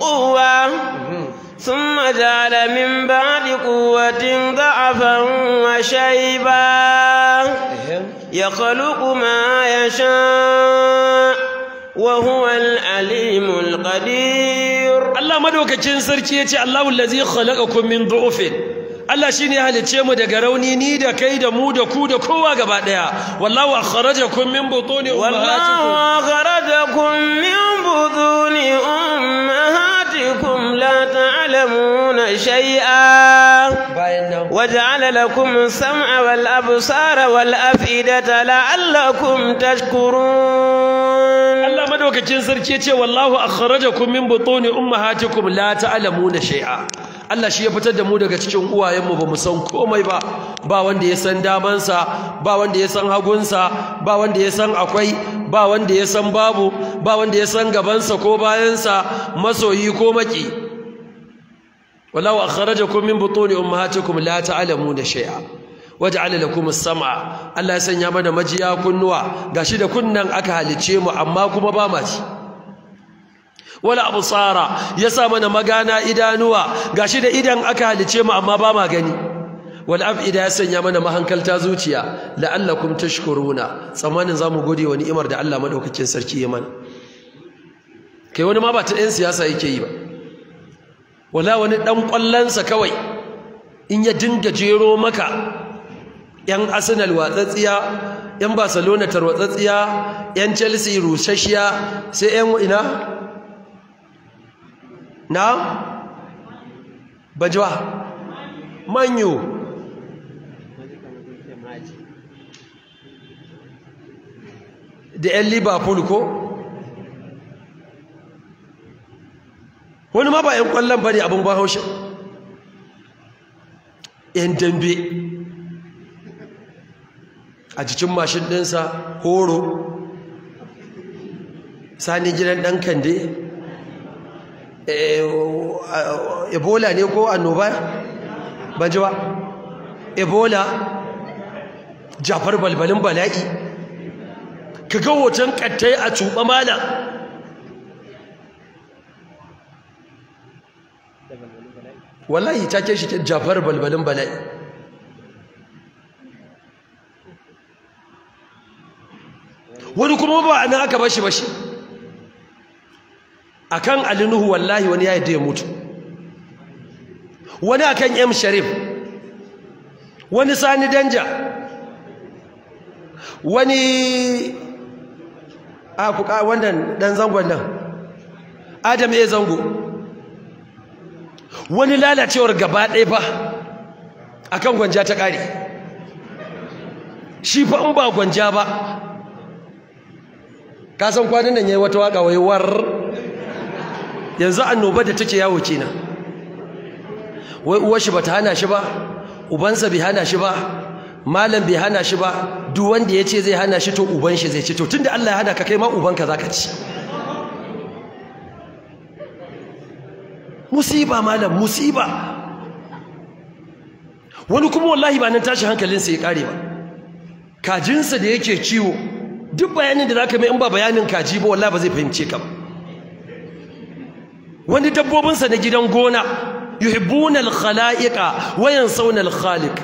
قوة ثم جعل من بعد قوة ضعفا وشيبا يخلق ما يشاء وهو al'imul القدير الله مدوكacin sarki yace Allahu allazi khalaqakum min du'ufin Allah shine ya halice mu daga rauni ni da kai da mu da ku da kowa gaba daya wallahu akhrajakum min butuni ummahatikum wallahu akhrajakum min butuni ummahatikum تعلمون شيئا وجعل لكم السمع والأبصار والأفئدة لعلكم تشكرون الله مدوكacin sarki كيتي wallahu أخرجكم min بطون أمهاتكم لا تعلمون شيئا Allah shi ya fitar da mu daga cikin uwayenmu ba mu san komai ba ba wanda ya san damansa ba wanda ya san hagunsa ba wanda ya san akwai ba wanda ya san babu ba wanda ya san gabansa ko bayansa masoyi ko maki walau akhrajakum min butuni ummahatikum la ta'lamuna shay'a waj'ala lakum as-sam'a Allah ya sanya mana majiya kunnuwa gashi da kunnan aka halice mu amma kuma ba ma ci wala absara ya sa mana magana idanuwa gashi da idan aka halice mu amma bama ma gani wal afida ya sanya mana mahankalta zuciya la'allakum tashkuruna tsammanin zamu gode wa ni'imar da Allah maɗaukakin sarki ya mana kai wani ma ba ta ɗan siyasa yake yi ba wala wani ɗan ƙwallonsa kawai in ya dinga jero maka 'yan arsenal watsatsiya 'yan barcelona tarwatsatsiya 'yan chelsea rusashiya sai 'yan ina na Bajiwa. manyo da 'yan liverpool ko wani ma ba 'yan kwallon ba ne abin ba haushin 'yan dambe a cikin mashin ɗinsa horo sani gidan ɗan kande eh, ebola ne ko annoba ban ji ba ebola jafar balbalin bala'i ka ga hoton kattai a cuɓa malam wallahi ta ke shi ke jafar balbalin bala'i wani kuma ba a nan aka bashi bashi a kan alinuhu wallahi wani ya yadda ya mutu wani a kan yam sharif wani sani danja wani a kuka wannan dan zangon nan adam ya zango wani lalacewar gaba ɗaya ba a kan gwanja ta ƙare shi fa ba gwanja ba kasan san kwanan nan yi wata waka wai war yanzu annoba da take yawo nan. wai Uwashi shi ta hana shi ba ubansa bai hana shi ba malam bai hana shi ba duk wanda ya ce zai hana shi to uban zai ci to tunda Allah ya hana ka kai ma ubanka za ka ci musiba malam musiba wani kuma wallahi ba nan tashi hankalin hankalinsa ya kare ba kajinsa da yake ciwo duk bayanin da zaka mai in ba bayanin kaji ba wallahi ba zai fahimce ka ba wani dabbobinsa na gidan gona yuhibbuna al-khalaiqa wa yansawna al-khaliq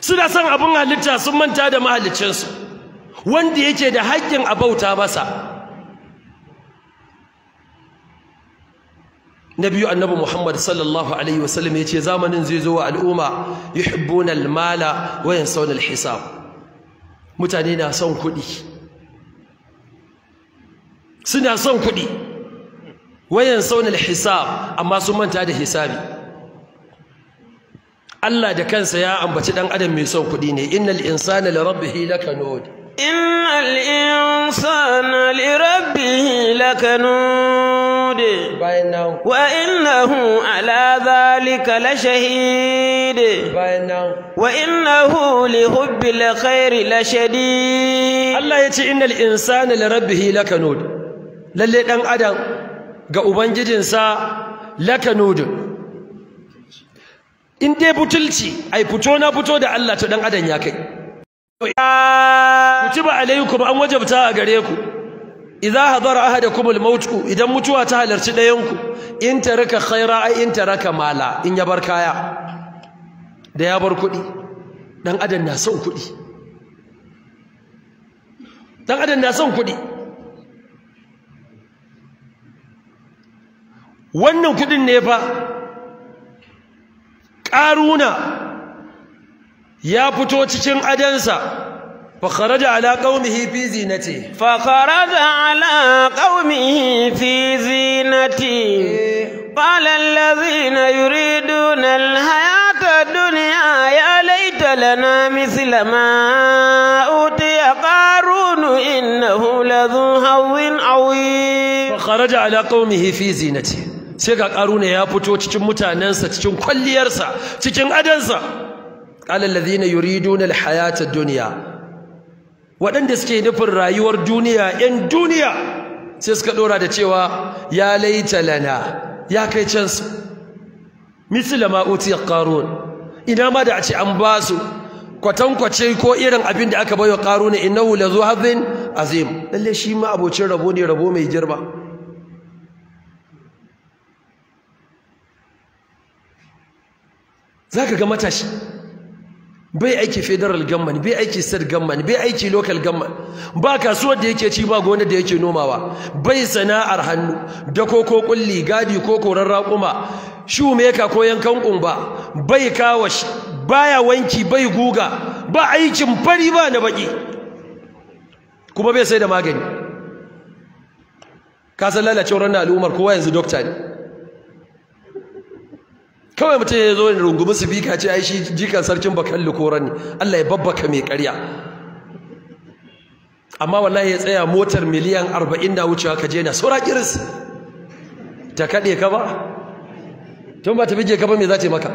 suna son abun halitta sun manta da mahaliccinsu wanda yake da haƙƙin abauta masa na biyu annabi Muhammad sallallahu alaihi wasallam yace zamanin zai zo wa al'umma yuhibbuna al-mala wa yansawna al-hisab mutane na son kuɗi suna son kuɗi wa yansawna hisab amma sun manta da hisabi Allah da kansa ya ambaci ɗan adam mai son kuɗi ne innal ne wa inna hu ala zalika la shahide wa inna hu li hubbi la la shadi Allah ya ce inal insani li rabbihi lakanud lalle dan adam ga ubangijinsa lakanud in dai butulci ai fito na fito da Allah to dan adam ya kai ku ci ba an wajabta a gare ku idza hadara ahadakum al-maut idan mutuwa ta halarci dayan ku in taraka khaira ay in taraka mala in ya bar kaya da ya bar kudi dan adam na son kudi dan adam na son kudi wannan kudin ne fa karuna ya fito cikin adansa فخرج على قومه في زينته فخرج على قومه في زينته إيه. قال الذين يريدون الحياة الدنيا يا ليت لنا مثل ما أوتي قارون إنه لذو حظ عظيم فخرج على قومه في زينته سيقا قارون يا فتو تشم متاننسا تشم كل يرسا تشم أدنسا قال الذين يريدون الحياة الدنيا waɗanda suke nufin rayuwar duniya 'yan duniya sai suka ɗora da cewa ya laita lana ya kai cansu misila ma'uti ya ƙaru. ina ma da a ce an ba su kwatankwace ko irin abin da aka baiwa qarun hula lazu hadhin azim lalle shi ma abocin rabo ne rabo mai girma ka ga matashi bai aiki federal gamman, bai aiki state gamman, bai aiki local gamman, ba kasuwar da yake ci ba gonar da yake nomawa bai sana'ar hannu da koko kulli gadi ko koran raƙuma shumeka ko yankan kumba bai kawash baya wanki bai guga ba aikin fari ba na baki kuma bai sai da magani ka san lalacewar al'umar kowa yanzu doctor ne kawai mutum ya zo rungumi sifika ce ai shi jikan sarkin bakan likoran ne Allah ya babbaka mai ƙarya amma wallahi ya tsaya motar miliyan arba'in na wucewa ka je na saura kiris ta kaɗe ka ba tun ba ta bige ka ba me za ta yi maka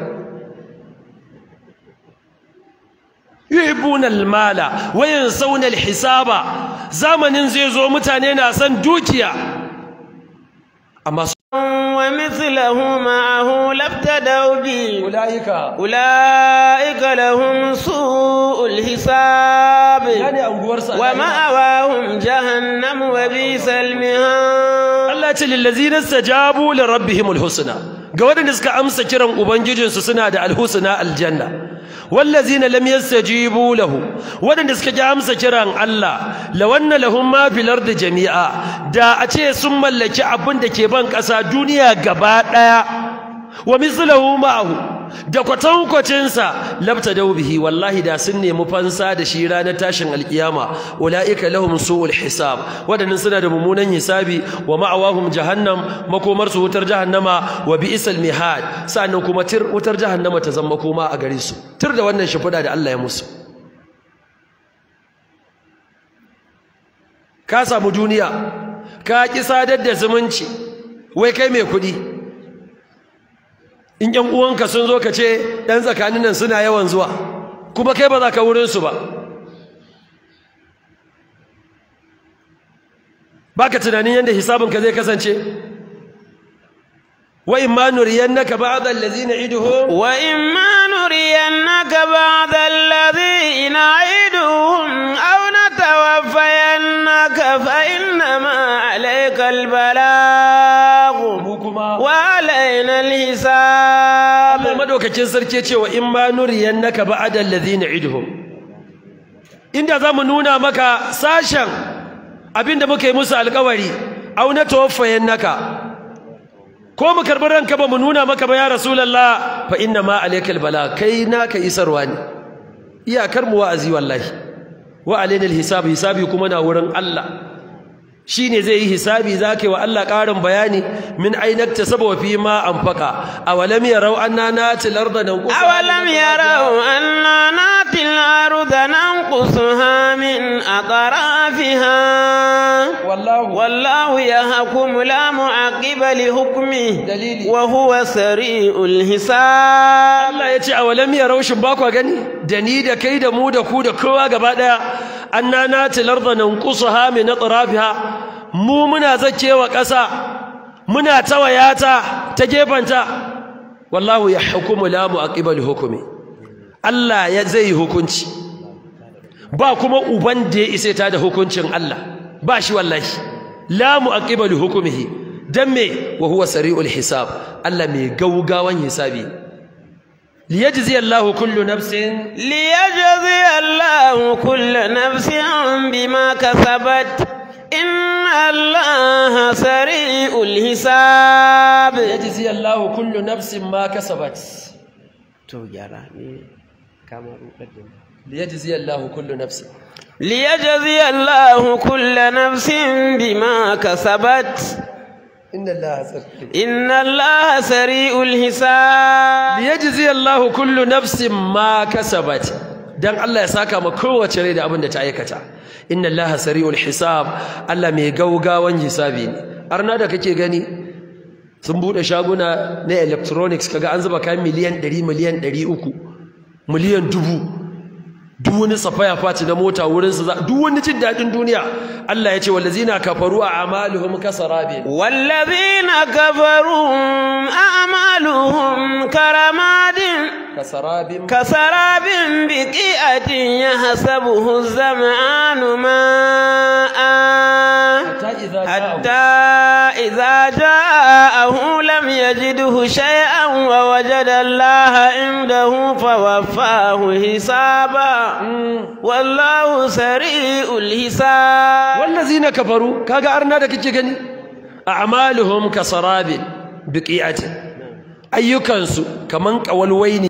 yuhibbunal mala wayan yansawna hisaba zamanin zai zo mutane na san dukiya amma ومثله معه لابتدوا به أولئك أولئك لهم سوء الحساب يعني ومأواهم جهنم وبئس المهاد الله للذين استجابوا لربهم الحسنى ga waɗanda suka amsa kiran ubangijinsu suna da alhusna aljanna wallazina lam yastajibu lahu waɗanda suka ji amsa kiran Allah lawanna lahum ma fil ardi jami'a da a ce sun mallaki abin da ke ban ƙasa duniya gaba ɗaya wa mislahu ma'ahu da kwatankwacinsa labta da wallahi da sun nemi fansa da shi ranar tashin alkiyama ulaika lahum su'ul hisab wadannan suna da mummunan hisabi wa ma'awahum jahannam makomar su wutar jahannama wa bi'sal mihad sannan kuma tir wutar jahannama ta zama koma a gare su tir da wannan shifuda da Allah ya musu ka samu duniya ka ki sadar da zumunci wai kai mai kuɗi in yan uwanka sun zo kace dan zakanin nan suna yawan zuwa kuma kai ba za ka wurin su ba baka tunanin yanda hisabin ka zai kasance wa imma nuriyannaka ba'd allazina iduhu wa imma nuriyannaka ba'd allazina iduhum aw natawaffayannaka fa innama alayka albalaghu wa alayna alhisab madaukakin sarki ce wa in ma nuriyannaka ba'da allazina idhum inda zamu nuna maka sashen abinda muka yi musu alƙawari au na naka ko mu karbi ranka ba mu nuna maka ba ya rasulullah fa inna ma alaykal bala kai naka isarwa ne iyakar mu wa'azi wallahi wa alaina hisab hisabi kuma na wurin Allah shine zai yi hisabi zake wa Allah ƙarin bayani min ainakta sabo fi ma anfaka awalam yarau anna natil arda nanqusuha awalam yarau anna natil arda nanqusuha min aqrafiha wallahu wallahu yahkum la mu'aqiba li hukmi wa huwa sari'ul hisab Allah yace awalam yarau shin ba ku gani dani da kai da mu da ku da kowa gaba daya anna natil arda nanqusuha min aqrafiha mu muna zakewa ƙasa muna tawayata ta gefanta wallahu ya hukumu a ƙibar hukumi Allah ya zai hukunci ba kuma uban da ya isa ta da hukuncin Allah ba shi wallahi a mu'aqibal hukumihi don me wa huwa sari'ul hisab Allah mai gaugawan hisabi ليجزي الله كل نفس ليجزي الله كل نفس بما كسبت إن الله سريع الحساب يجزي الله كل نفس ما كسبت تو جارا كما ليجزي الله كل نفس ليجزي الله كل نفس بما كسبت إن الله سريع إن الله سريع الحساب ليجزي الله كل نفس ما كسبت dan Allah ya saka ma kowace rai da abin da ta aikata inna allaha sari'ul hisab Allah mai gaugawan hisabi ne arna da kake gani sun bude shaguna na electronics kaga an zuba kayan miliyan 100 miliyan 300 miliyan dubu duk wani safaya faci na mota wurin su duk wani cin dadin duniya Allah ya ce wallazina kafaru a amaluhum kasarabin wallazina kafaru a'maluhum karamad كسراب كسراب بقيئة يحسبه الزمعان ماء حتى إذا جاءه لم يجده شيئا ووجد الله عنده فوفاه حسابا والله سريع الحساب والذين كفروا كاغا أرنا دكتشي أعمالهم كسراب بقيئة ayyukansu kaman ƙawalwai ne